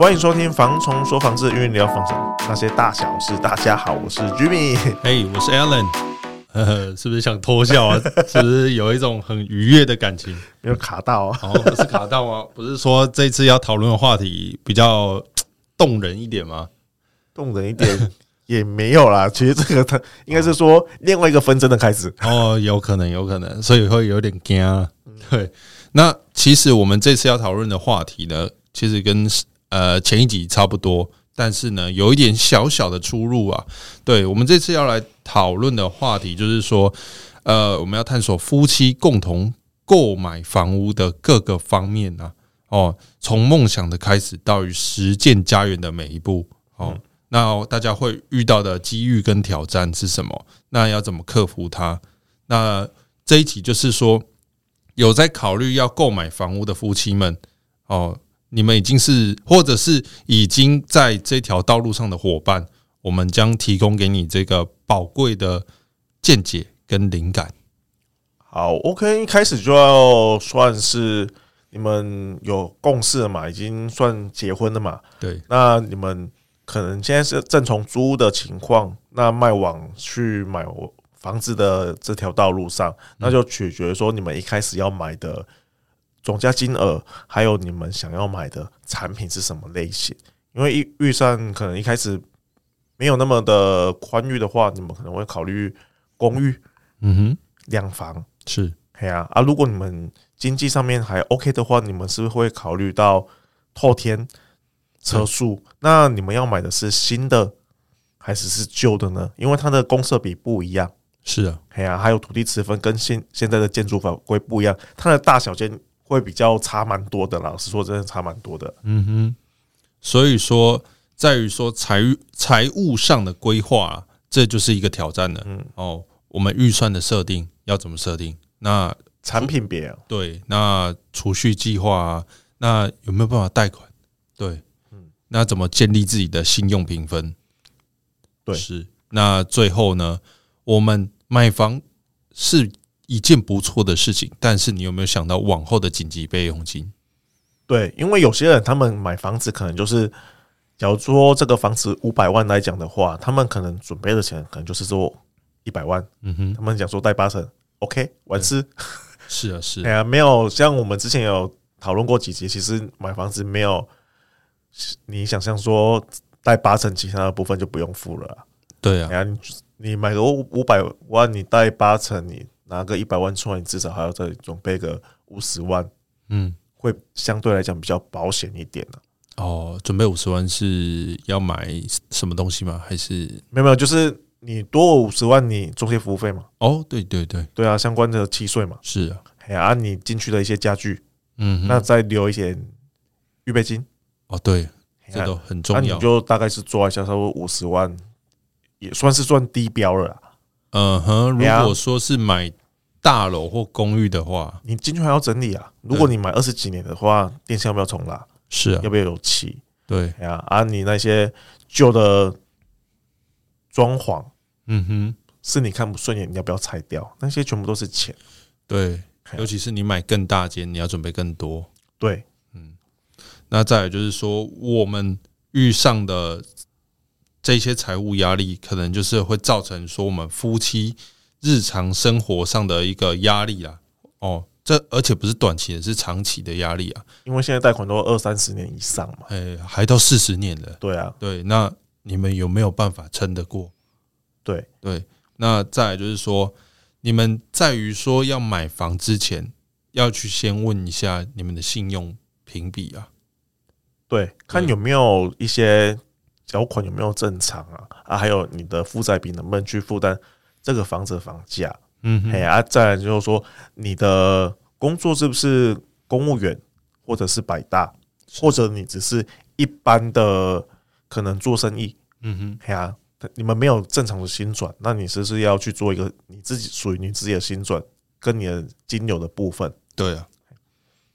歡迎收聽《房蟲說房事》，因為你要房蟲那些大小事。大家好，我是 Jimmy，哎，hey, 我是 Alan，呵，呵，是不是想偷笑啊？ 是不是有一種很愉悅的感情？沒有卡到啊、哦？不是卡到啊。不是說這次要討論的話題比較動人一點嗎？ 動人一點也沒有啦。其實這個它應該是說另外一個紛爭的開始哦，有可能，有可能，所以會有點驚啊。嗯、對，那其實我們這次要討論的話題呢，其實跟。呃，前一集差不多，但是呢，有一點小小的出入啊，對。對我們這次要來討論的話題，就是說，呃，我們要探索夫妻共同購買房屋的各個方面啊。哦，從夢想的開始到於實踐家園的每一步，哦，那大家會遇到的機遇跟挑戰是什麼？那要怎麼克服它？那這一集就是說，有在考慮要購買房屋的夫妻們，哦。你們已經是，或者是已經在這條道路上的夥伴，我們將提供給你這個寶貴的見解跟靈感好。好，OK，一開始就要算是你們有共識了嘛，已經算結婚了嘛。對，那你們可能現在是正從租的情況，那邁往去買房子的這條道路上，那就取決於說你們一開始要買的，總價金額，還有你們想要買的產品是什麼類型？因為預預算可能一開始沒有那麼的寬裕的話，你們可能會考慮公寓，嗯哼，兩房是，嘿呀啊，啊，如果你們經濟上面還 OK 的話，你們是，是會考慮到透天車速。是那你們要買的是新的還是是舊的呢？因為它的公設比不一樣，是啊，啊，還有土地持分跟現現在的建築法規不一樣，它的大小間。會比較差蠻多的，老實說，真的差蠻多的。嗯哼，所以說在於說財財務上的規劃、啊，這就是一個挑戰了。嗯哦，我們預算的設定要怎麼設定？那產品別、哦、對，那儲蓄計劃、啊，那有沒有辦法貸款？對，嗯，那怎麼建立自己的信用評分？對，是。那最後呢，我們買房是，一件不錯的事情，但是你有沒有想到往後的緊急備用金？對，因為有些人他們買房子可能就是，假如說這個房子五百萬來講的話，他們可能準備的錢可能就是說一百萬。嗯哼，他們講說貸八成，OK，、嗯、完事是、啊。是啊， 是哎、啊、呀，啊、沒有像我們之前有討論過幾集，其實買房子沒有你想象說貸八成，其他的部分就不用付了、啊。對啊，呀，你買個五五百萬，你貸八成，你。拿個一百萬出來，你至少還要再準備個五十萬，嗯，會相對來講比較保險一點、啊、哦，準備五十萬是要買什麼東西嗎？還是沒有沒有，就是你多五十萬，你中介服務費嘛？哦，對對對，對啊，相關的契稅嘛，是啊，還有、啊啊、你進去的一些家具，嗯哼，那再留一些預備金。哦，對，啊、這都很重要。那、啊、你就大概是做一下，差不多五十萬，也算是算低標了啦。嗯哼，如果說是買。大樓或公寓的話，你進去還要整理啊。如果你買二十幾年的話，電線要不要重拉？是，啊，要不要油漆？對，啊，呀，啊，你那些舊的裝潢，嗯哼，是你看不順眼，你要不要拆掉？那些全部都是錢。對，尤其是你買更大間，你要準備更多、嗯。對，嗯，那再來就是說，我們遇上的這些財務壓力，可能就是會造成說我們夫妻。日常生活上的一個壓力啊，哦，這而且不是短期，是長期的壓力啊，因為現在貸款都二三十年以上嘛，哎，還到四十年了，對啊，對，那你們有沒有辦法撐得過？對，對，那再來就是說，你們在於說要買房之前，要去先問一下你們的信用評比啊，對，看有沒有一些繳款有沒有正常啊，啊，還有你的負債比能不能去負擔。這個房子房價，嗯哼嘿啊，再來就是說你的工作是不是公務員或者是百大，是或者你只是一般的可能做生意，嗯哼，嘿啊，你們沒有正常的薪轉，那你是不是要去做一個你自己屬於你自己的薪轉跟你的金流的部分，對啊，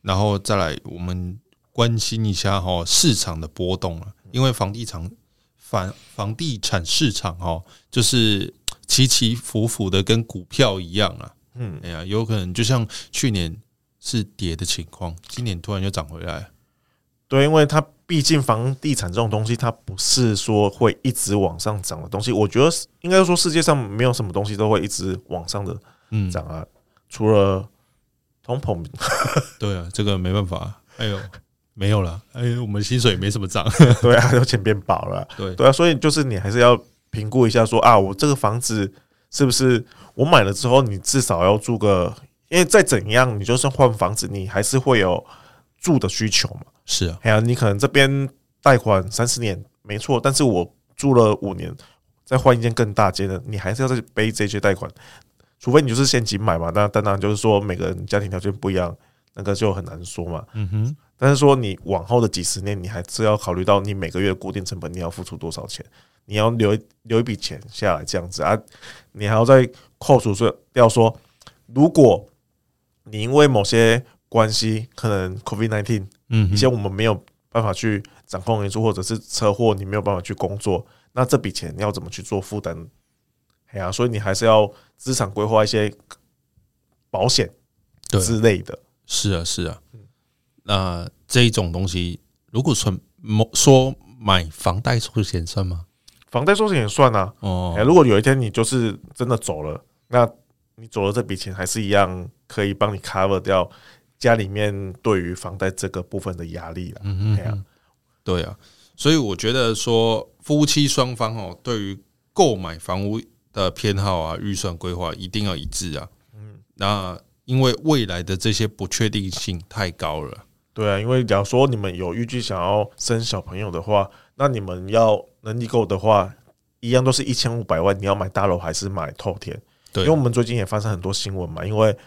然後再來我們關心一下哈、哦、市場的波動啊，因為房地產房房地產市場哈、哦、就是。起起伏伏的，跟股票一樣啊。嗯，哎呀，有可能就像去年是跌的情況，今年突然又漲回來。對，因為它畢竟房地產這種東西，它不是說會一直往上漲的東西。我覺得應該說世界上沒有什麼東西都會一直往上的漲啊，除了通膨。嗯、對啊，這個沒辦法。哎呦，沒有了。哎，我們薪水也沒什麼漲。對啊，有錢變薄了。對，對啊，所以就是你還是要。評估一下，說啊，我這個房子是不是我買了之後，你至少要住個？因為再怎樣，你就算換房子，你還是會有住的需求嘛。是啊，還有你可能這邊貸款三十年沒錯，但是我住了五年，再換一間更大間的，你還是要再背這些貸款，除非你就是現金買嘛。那當然就是說，每個人家庭條件不一樣，那個就很難說嘛。嗯哼。但是說，你往後的幾十年，你還是要考慮到你每個月的固定成本，你要付出多少錢，你要留留一筆錢下來，這樣子啊，你還要再扣除掉要說，如果你因為某些關係，可能 COVID nineteen，嗯，一些我們沒有辦法去掌控的因素，或者是車禍，你沒有辦法去工作，那這筆錢你要怎麼去做負擔？哎呀，所以你還是要資產規劃一些保險之類的，是啊，是啊。那、呃、這種東西，如果說說買房貸，收錢也算嗎？房貸，收錢也算啊。哦、欸，如果有一天你就是真的走了，那你走了這筆錢，還是一樣可以幫你 cover 掉家裡面對於房貸這個部分的壓力的。嗯嗯。對、欸、啊，對啊。所以我覺得說，夫妻雙方哦、喔，對於購買房屋的偏好啊、預算規劃一定要一致啊。嗯。那因為未來的這些不確定性太高了。對啊，因為假如說你們有預計想要生小朋友的話，那你們要能力夠的話，一樣都是一千五百萬，你要買大樓還是買透天？對啊，因為我們最近也發生很多新聞嘛，因為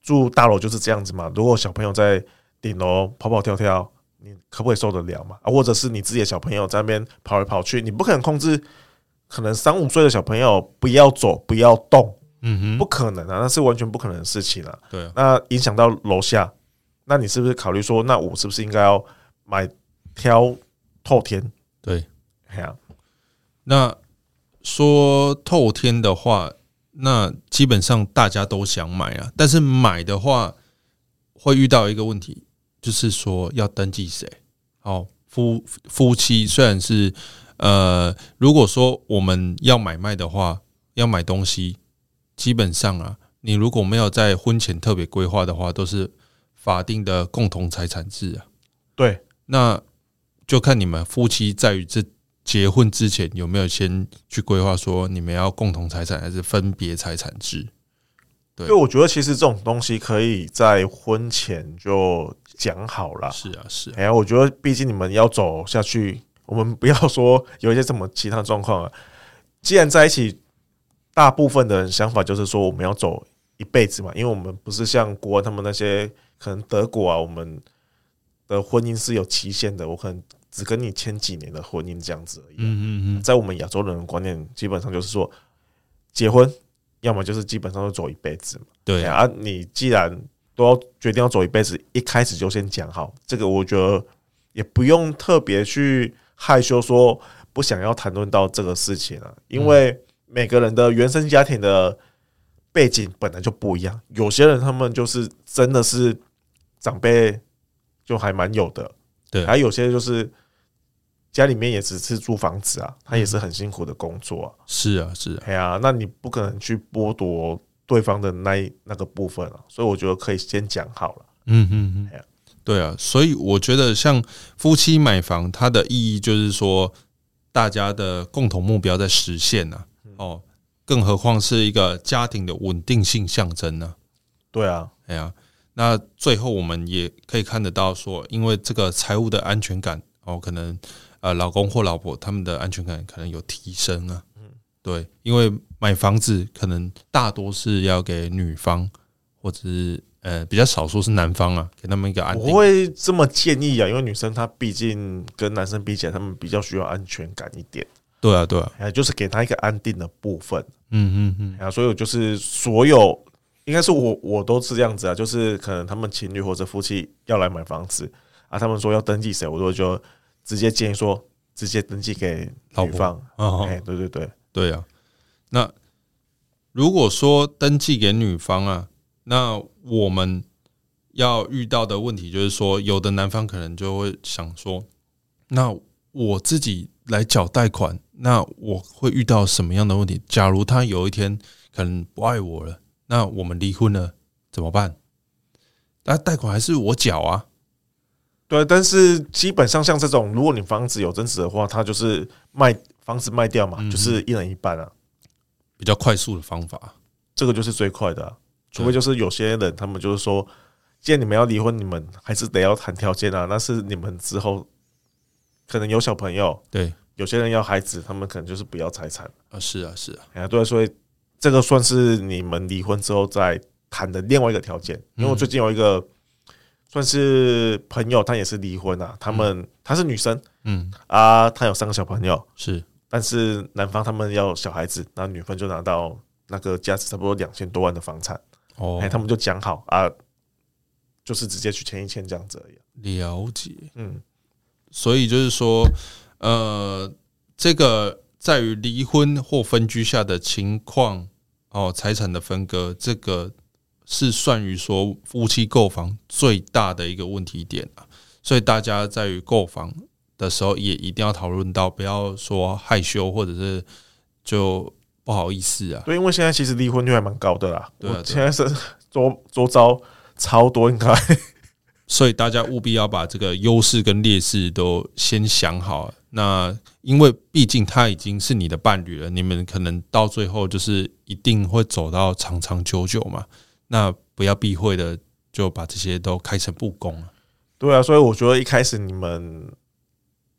住大樓就是這樣子嘛。如果小朋友在頂樓跑跑跳跳，你可不可以受得了嘛？啊，或者是你自己的小朋友在那邊跑來跑去，你不可能控制，可能三五歲的小朋友不要走不要動，嗯哼，不可能啊，那是完全不可能的事情啊。對啊，那影響到樓下。那你是不是考慮說，那我是不是應該要買挑透天？對，那說透天的話，那基本上大家都想買啊。但是買的話，會遇到一個問題，就是說要登記誰？好，夫夫妻雖然是呃，如果說我們要買賣的話，要買東西，基本上啊，你如果沒有在婚前特別規劃的話，都是。法定的共同財產制啊，對，那就看你們夫妻在於這結婚之前有沒有先去規劃說你們要共同財產還是分別財產制。對，對，因為我覺得其實這種東西可以在婚前就講好了。是啊，是啊。哎，我覺得畢竟你們要走下去，我們不要說有一些什麼其他狀況啊。既然在一起，大部分的想法就是說我們要走。一輩子嘛，因為我們不是像國外他們那些，可能德國啊，我們的婚姻是有期限的，我可能只跟你簽幾年的婚姻這樣子而已，啊。嗯、哼哼。在我們亞洲人的觀念，基本上就是說，結婚要麼就是基本上就走一輩子嘛。對、欸、啊，你既然都要決定要走一輩子，一開始就先講好，這個我覺得也不用特別去害羞說不想要談論到這個事情了，啊，因為每個人的原生家庭的背景本來就不一樣，有些人他們就是真的是長輩，就還蠻有的，對，還有，有些人就是家裡面也只是租房子啊，他也是很辛苦的工作啊，是啊是啊，哎呀，那你不可能去剝奪對方的那那個部分啊。所以我覺得可以先講好了，嗯嗯嗯，對啊，所以我覺得像夫妻買房，它的意義就是說大家的共同目標在實現呢、啊，哦。更何況是一個家庭的穩定性象徵呢？對啊，哎呀，那最後我們也可以看得到，說因為這個財務的安全感，哦，可能呃，老公或老婆他們的安全感可能有提升啊。嗯，對，因為買房子可能大多是要給女方，或者是呃比較少數是男方啊，給他們一個安定。我會這麼建議啊，因為女生她畢竟跟男生比起來，他們比較需要安全感一點。對啊，對啊，啊，就是給他一個安定的部分，嗯嗯嗯，啊，所以就是所有應該是我我都是這樣子啊，就是可能他們情侶或者夫妻要來買房子啊，他們說要登記誰，我說就直接建議說直接登記給女方，不嗯、啊、哦，對對對，對啊。那如果說登記給女方啊，那我們要遇到的問題就是說，有的男方可能就會想說，那我自己來繳貸款。那我會遇到什麼樣的問題？假如他有一天可能不愛我了，那我們離婚了怎麼辦？那貸款還是我繳啊？對，但是基本上像這種，如果你房子有增值的話，他就是賣房子賣掉嘛，嗯、哼就是一人一半啊，比較快速的方法，這個就是最快的啊。除非就是有些人他們就是說，對既然你們要離婚，你們還是得要談條件啊，那是你們之後可能有小朋友對。有些人要孩子，他們可能就是不要財產啊！是啊，是啊，啊，對，所以這個算是你們離婚之後再談的另外一個條件。嗯，因為我最近有一個算是朋友，他也是離婚啊，嗯，他們他是女生，嗯啊，他有三個小朋友，是，但是男方他們要小孩子，那女方就拿到那個價值差不多兩千多萬的房產哦，欸，他們就講好啊，就是直接去簽一簽這樣子而已。了解，嗯，所以就是說。 呃，這個在於離婚或分居下的情況，哦，財產的分割，這個是算於說夫妻購房最大的一個問題點啊。所以大家在於購房的時候，也一定要討論到，不要說害羞或者是就不好意思啊。對，因為現在其實離婚率還蠻高的啦。對啊，現在是，對對對，週週遭超多，應該。所以大家務必要把這個優勢跟劣勢都先想好。那因為畢竟他已經是你的伴侶了，你們可能到最後就是一定會走到長長久久嘛。那不要避諱的就把這些都開誠布公。對啊，所以我覺得一開始你們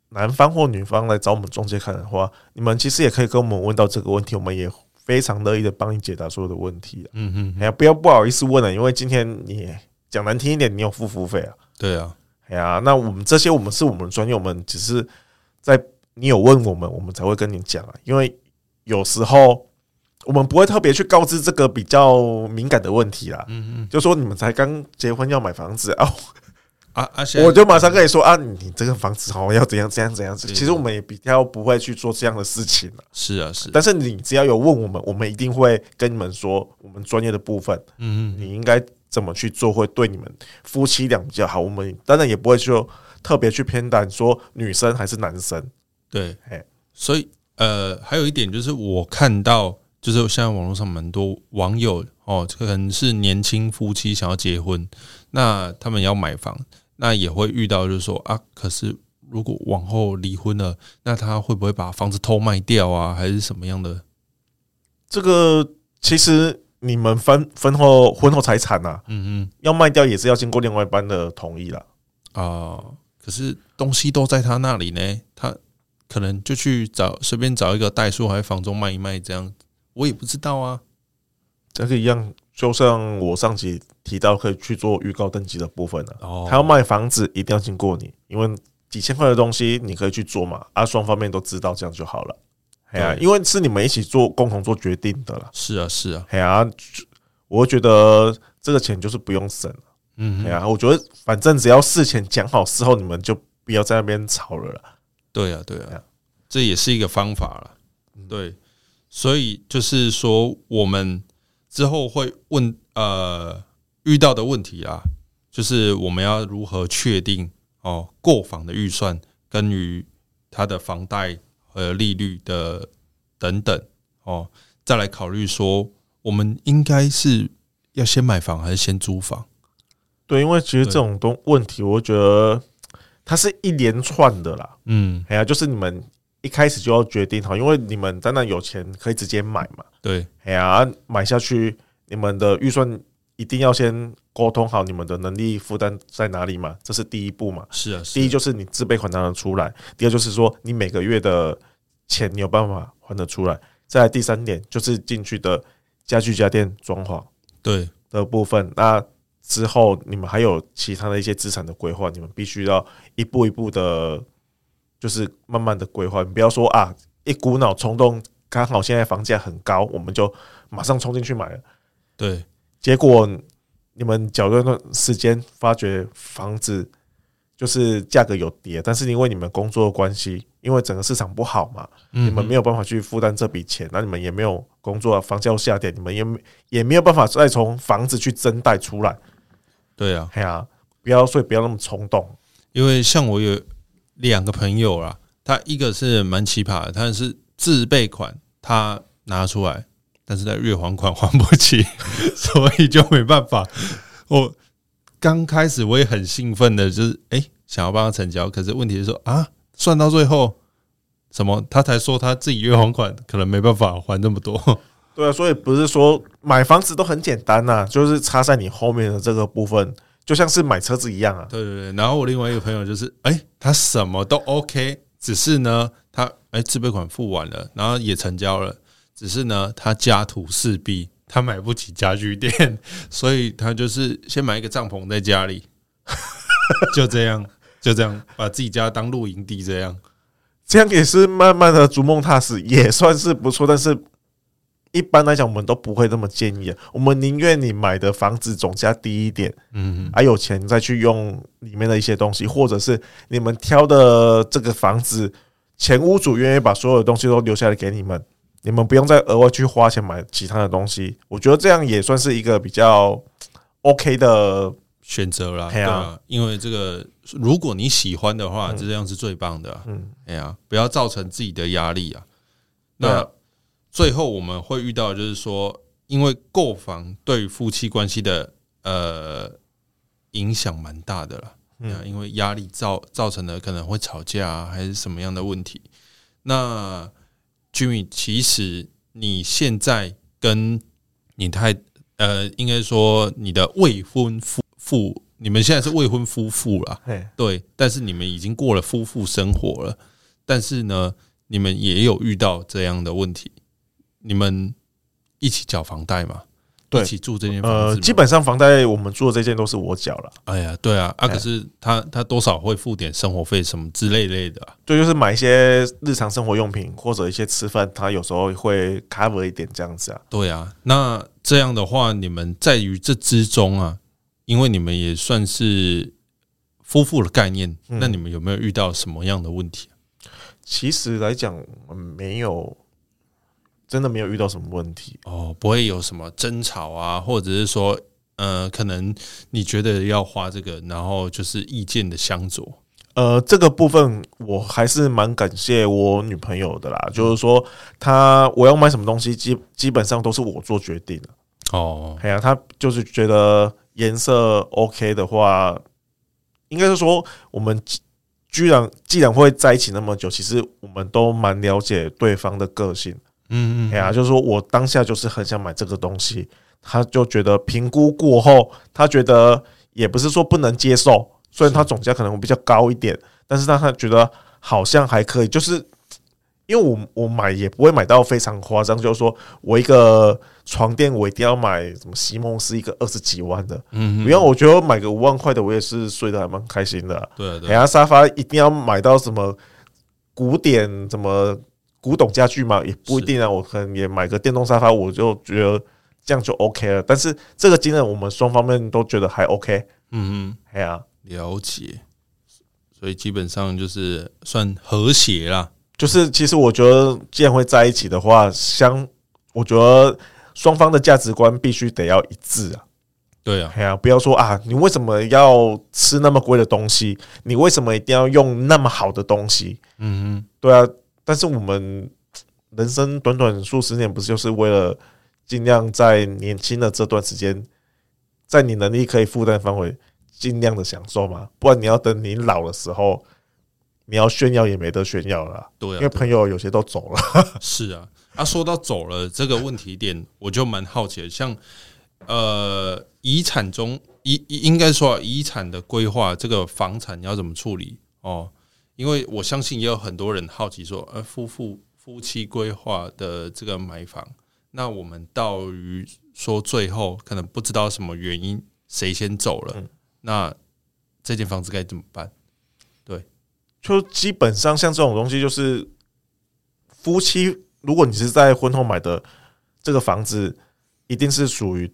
男方或女方來找我們中介看的話，你們其實也可以跟我們問到這個問題，我們也非常樂意的幫你解答所有的問題。嗯嗯，哎，不要不好意思問了，因為今天你。講難聽一點，你有付付費啊？對啊，哎呀，那我們這些，我們是我們的專業，我們只是在你有問我們，我們才會跟你講啊。因為有時候我們不會特別去告知這個比較敏感的問題啦。嗯嗯，就是說你們才剛結婚要買房子啊，我我就馬上跟你說啊，你這個房子好，要怎樣怎樣怎樣子。其實我們也比較不會去做這樣的事情。是啊，是，但是你只要有問我們，我們一定會跟你們說我們專業的部分。嗯嗯，你應該。怎麼去做會對你們夫妻倆比較好？我們當然也不會說特別去偏袒說女生還是男生。對，所以呃，還有一點就是，我看到就是現在網絡上蠻多網友哦，可能是年輕夫妻想要結婚，那他們要買房，那也會遇到就是說啊，可是如果往後離婚了，那他會不會把房子偷賣掉啊，還是什麼樣的？這個其實。你們分婚後，婚後財產啊，嗯嗯哼，要賣掉也是要經過另外一半的同意了啊、呃。可是東西都在他那裡呢，他可能就去找隨便找一個代數還是房仲賣一賣這樣，我也不知道啊。這是一樣，就像我上集提到可以去做預告登記的部分啊，哦，他要賣房子一定要經過你，因為幾千塊的東西你可以去做嘛，啊，雙方面都知道這樣就好了。哎呀、啊，因為是你們一起做共同做決定的啦。是啊，是啊。哎呀、啊，我覺得這個錢就是不用省。嗯哼，哎呀、啊，我覺得反正只要事前講好之後，事後你們就不要在那邊吵了啦。對啊，對啊，對啊，這也是一個方法了。對，所以就是說，我們之後會問呃，遇到的問題啊，就是我們要如何確定哦購房的預算跟於他的房貸。呃，利率的等等哦，再來考慮說，我們應該是要先買房還是先租房？對，因為其實這種東問題，我覺得它是一連串的啦。對。嗯，還有就是你們一開始就要決定好，因為你們當然有錢可以直接買嘛。對，哎呀，買下去，你們的預算。一定要先溝通好你們的能力負擔在哪裡嘛，這是第一步嘛。是啊，第一就是你自備款拿得出來，第二就是說你每個月的錢你有辦法還得出來。再來第三點就是進去的家具家電裝潢對的部分。那之後你們還有其他的一些資產的規劃，你們必須要一步一步的，就是慢慢的規劃。你不要說啊，一股腦衝動，剛好現在房價很高，我們就馬上衝進去買了。對。結果你們繳了段時間，發覺房子，就是價格有跌，但是因為你們工作的關係，因為整個市場不好嘛，嗯嗯，你們沒有辦法去負擔這筆錢，那你們也沒有工作、啊，房價又下跌，你們也也沒有辦法再從房子去增貸出來。對啊，對啊，不要所以不要那麼衝動，因為像我有兩個朋友啊，他一個是蠻奇葩的，他是自備款，他拿出來。但是在月還款還不起， 所以就沒辦法。我剛開始我也很興奮的，就是哎、欸，想要幫他成交。可是問題是說啊，算到最後什麼，他才說他自己月還款、欸、可能沒辦法還這麼多。對啊，所以不是說買房子都很簡單吶、啊，就是插在你後面的這個部分，就像是買車子一樣啊。對對對。然後我另外一個朋友就是，哎、欸，他什麼都 OK，只是呢，他哎、欸、自備款付完了，然後也成交了。只是呢，他家徒四壁，他買不起家具店，所以他就是先買一個帳篷在家裡， 就這樣，就這樣，把自己家當露營地，這樣，這樣也是慢慢的逐夢踏實，也算是不錯。但是，一般來講，我們都不會這麼建議。我們寧願你買的房子總價低一點，嗯哼，還有錢再去用裡面的一些東西，或者是你們挑的這個房子，前屋主願意把所有的東西都留下來給你們。你們不用再額外去花錢買其他的東西，我覺得這樣也算是一個比較 OK 的選擇了。因為這個，如果你喜歡的話，這樣是最棒的。嗯，哎呀，不要造成自己的壓力啊。那最後我們會遇到，就是說，因為購房對夫妻關係的呃影響蠻大的啦，啊、因為壓力造造成的可能會吵架、啊，還是什麼樣的問題？那。Jimmy，其實你現在跟你太呃，應該說你的未婚夫婦，你們現在是未婚夫婦啦，Hey. 對。但是你們已經過了夫婦生活了，但是呢，你們也有遇到這樣的問題，你們一起繳房貸嗎？對一起住這間房子呃，基本上房貸我們住的這間都是我繳了。哎呀，對啊，啊可是他、嗯、他多少會付點生活費什麼之類類的，啊，對，就是買一些日常生活用品或者一些吃飯，他有時候會 cover 一點這樣子啊。對啊，那這樣的話，你們在於這之中啊，因為你們也算是夫婦的概念，嗯、那你們有沒有遇到什麼樣的問題？其實來講，嗯，沒有。真的沒有遇到什麼問題哦，不會有什麼爭吵啊，或者是說，呃，可能你覺得要花這個，然後就是意見的相左。呃，這個部分我還是蠻感謝我女朋友的啦，就是說，她我要買什麼東西基基本上都是我做決定哦、啊。哎呀，她就是覺得顏色 OK 的話，應該是說我們居然既然會在一起那麼久，其實我們都蠻了解對方的個性。嗯嗯，哎呀，就是說我當下就是很想買這個東西，他就覺得評估過後，他覺得也不是說不能接受，雖然它總價可能會比較高一點，但是讓他覺得好像還可以。就是因為我我買也不會買到非常誇張，就是說我一個床墊我一定要買什麼席夢思一個二十幾萬的，嗯，因為我覺得買個五萬塊的我也是睡得還蠻開心的、啊，對啊對。哎呀，沙發一定要買到什麼古典什麼。古董家具嘛，也不一定啊。是我可能也買個電動沙發，我就覺得這樣就 OK 了。但是這個經驗我們雙方面都覺得還 OK 嗯哼。嗯嗯、啊，哎呀，了解。所以基本上就是算和諧啦。就是其實我覺得，既然會在一起的話，相我覺得雙方的價值觀必須得要一致啊。對啊，呀、啊，不要說啊，你為什麼要吃那麼貴的東西？你為什麼一定要用那麼好的東西？嗯嗯哼，對啊。但是我們人生短短數十年，不是就是為了儘量在年輕的這段時間，在你能力可以負擔範圍，儘量的享受嘛？不然你要等你老的時候，你要炫耀也沒得炫耀了。對，因為朋友有些都走了。是啊， 啊，說到走了這個問題點，我就蠻好奇的，像呃，遺產中遺應該說遺產的規劃，這個房產你要怎麼處理？哦。因為我相信也有很多人好奇說，呃、啊，夫婦夫妻規劃的這個買房，那我們到於說最後可能不知道什麼原因誰先走了，嗯、那這間房子該怎麼辦？對，就基本上像這種東西，就是夫妻，如果你是在婚後買的這個房子，一定是屬於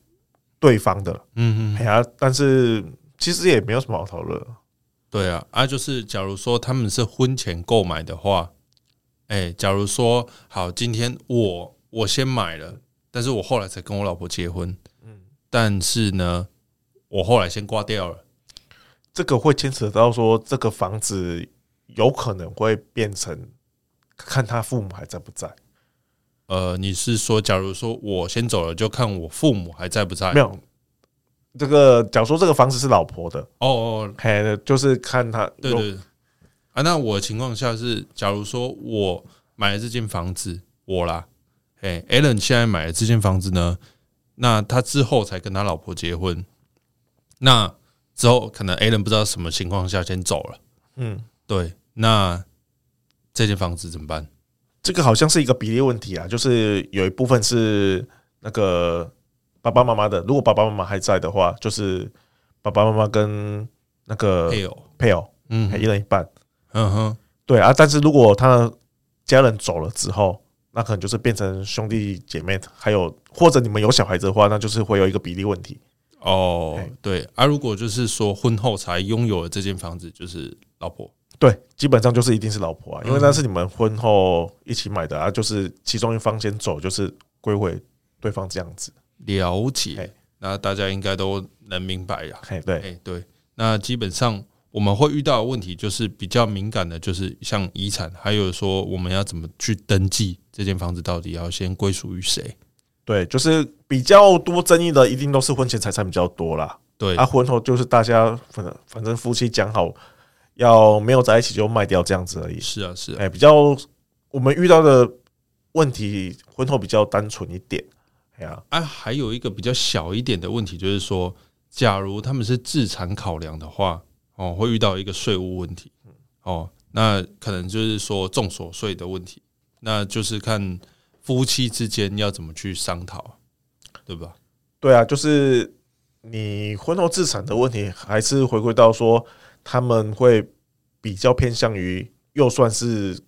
對方的嗯嗯哼，哎呀，但是其實也沒有什麼好討論。對啊，啊，就是假如說他們是婚前購買的話，誒、欸，假如說好，今天我我先買了，但是我後來才跟我老婆結婚，嗯，但是呢，我後來先掛掉了，這個會牽扯到說這個房子有可能會變成看他父母還在不在，呃，你是說假如說我先走了，就看我父母還在不在？沒有。這個，假如說這個房子是老婆的哦，哎，oh, oh, oh, hey, 就是看他，對對，對啊，那我的情況下是，假如說我買了這間房子，我啦，誒、hey, Alan 現在買了這間房子呢，那他之後才跟他老婆結婚，那之後可能 Alan 不知道什麼情況下先走了，嗯，對，那這間房子怎麼辦？這個好像是一個比例問題啊，就是有一部分是那個。爸爸媽媽的，如果爸爸媽媽還在的話，就是爸爸媽媽跟那個配偶配偶，配偶嗯，還一人一半，嗯哼，對啊。但是如果他家人走了之後，那可能就是變成兄弟姐妹，還有或者你們有小孩子的話，那就是會有一個比例問題。哦，欸、對啊。如果就是說婚後才擁有的這間房子，就是老婆，對，基本上就是一定是老婆啊，因為那是你們婚後一起買的，嗯，啊，就是其中一方先走，就是歸回對方這樣子。了解，嘿那大家應該都能明白呀。對、欸、對，那基本上我們會遇到的問題就是比較敏感的，就是像遺產，還有說我們要怎麼去登記這間房子，到底要先歸屬於誰？對，就是比較多爭議的，一定都是婚前財產比較多啦。對啊，婚後就是大家反正反正夫妻講好，要沒有在一起就賣掉這樣子而已。是啊，是啊、哎、啊欸，比較我們遇到的問題，婚後比較單純一點。哎、啊，還有一個比較小一點的問題，就是說，假如他們是資產考量的話，哦，會遇到一個稅務問題，哦，那可能就是說，綜所稅的問題，那就是看夫妻之間要怎麼去商討，對吧？對啊，就是你婚後資產的問題，還是回歸到說，他們會比較偏向於，又算是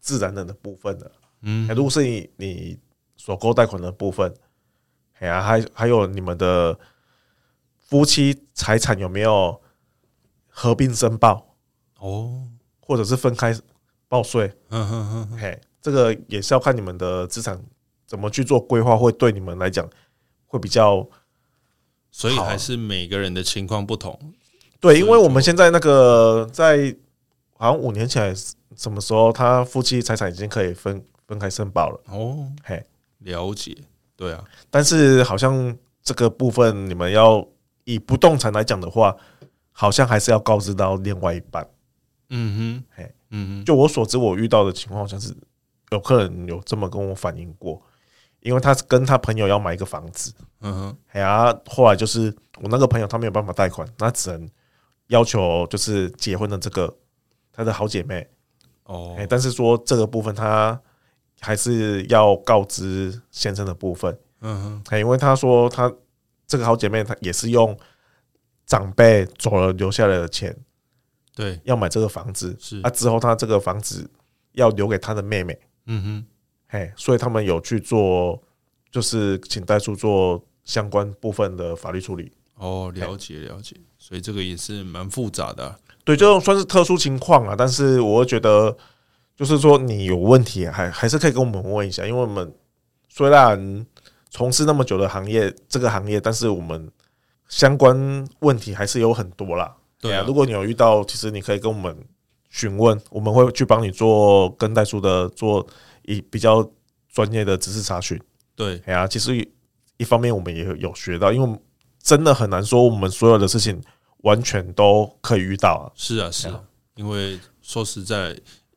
自然人的部分的，嗯、啊，如果是你你所購貸款的部分。哎呀，還還有你們的夫妻財產有沒有合併申報？哦，oh. 或者是分開報稅？嗯哼哼，嘿，這個也是要看你們的資產怎麼去做規劃，會對你們來講會比較。所以還是每個人的情況不同。對，因為我們現在那個在好像五年前什麼時候，他夫妻財產已經可以分分開申報了。哦，oh. 嘿，了解。對啊，但是好像這個部分，你們要以不動產來講的話，好像還是要告知到另外一半。嗯哼，哎嘿，嗯哼，就我所知，我遇到的情況好像是有客人有這麼跟我反映過，因為他跟他朋友要買一個房子。嗯哼，哎呀、啊，後來就是我那個朋友他沒有辦法貸款，那只能要求就是結婚的這個他的好姐妹。哦，哎，但是說這個部分他。還是要告知先生的部分，嗯哼，因為他說他這個好姐妹，她也是用長輩走了留下來的錢，對，要買這個房子，是，啊，之後他這個房子要留給他的妹妹，嗯哼嘿，所以他們有去做，就是請代書做相關部分的法律處理。哦，了解嘿了解，所以這個也是蠻複雜的啊，對，這種算是特殊情況啊，但是我覺得。就是說，你有問題還還是可以跟我們問一下，因為我們雖然從事那麼久的行業，這個行業，但是我們相關問題還是有很多啦。對啊，對啊，如果你有遇到，對其實你可以跟我們詢問，我們會去幫你做跟代書的做一比較專業的知識查詢。對，呀、啊，其實一,一方面我們也有學到，因為真的很難說我們所有的事情完全都可以遇到，啊是啊。是啊，是，啊，因為說實在。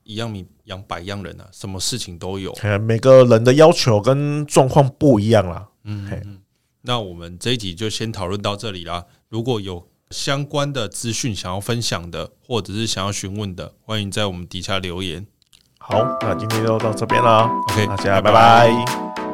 一樣米養百樣人啊，什麼事情都有，嗯。每個人的要求跟狀況不一樣啦，嗯。嗯，那我們這一集就先討論到這裡啦。如果有相關的資訊想要分享的，或者是想要詢問的，歡迎在我們底下留言。好，那今天就到這邊了。OK，大家拜拜。拜拜。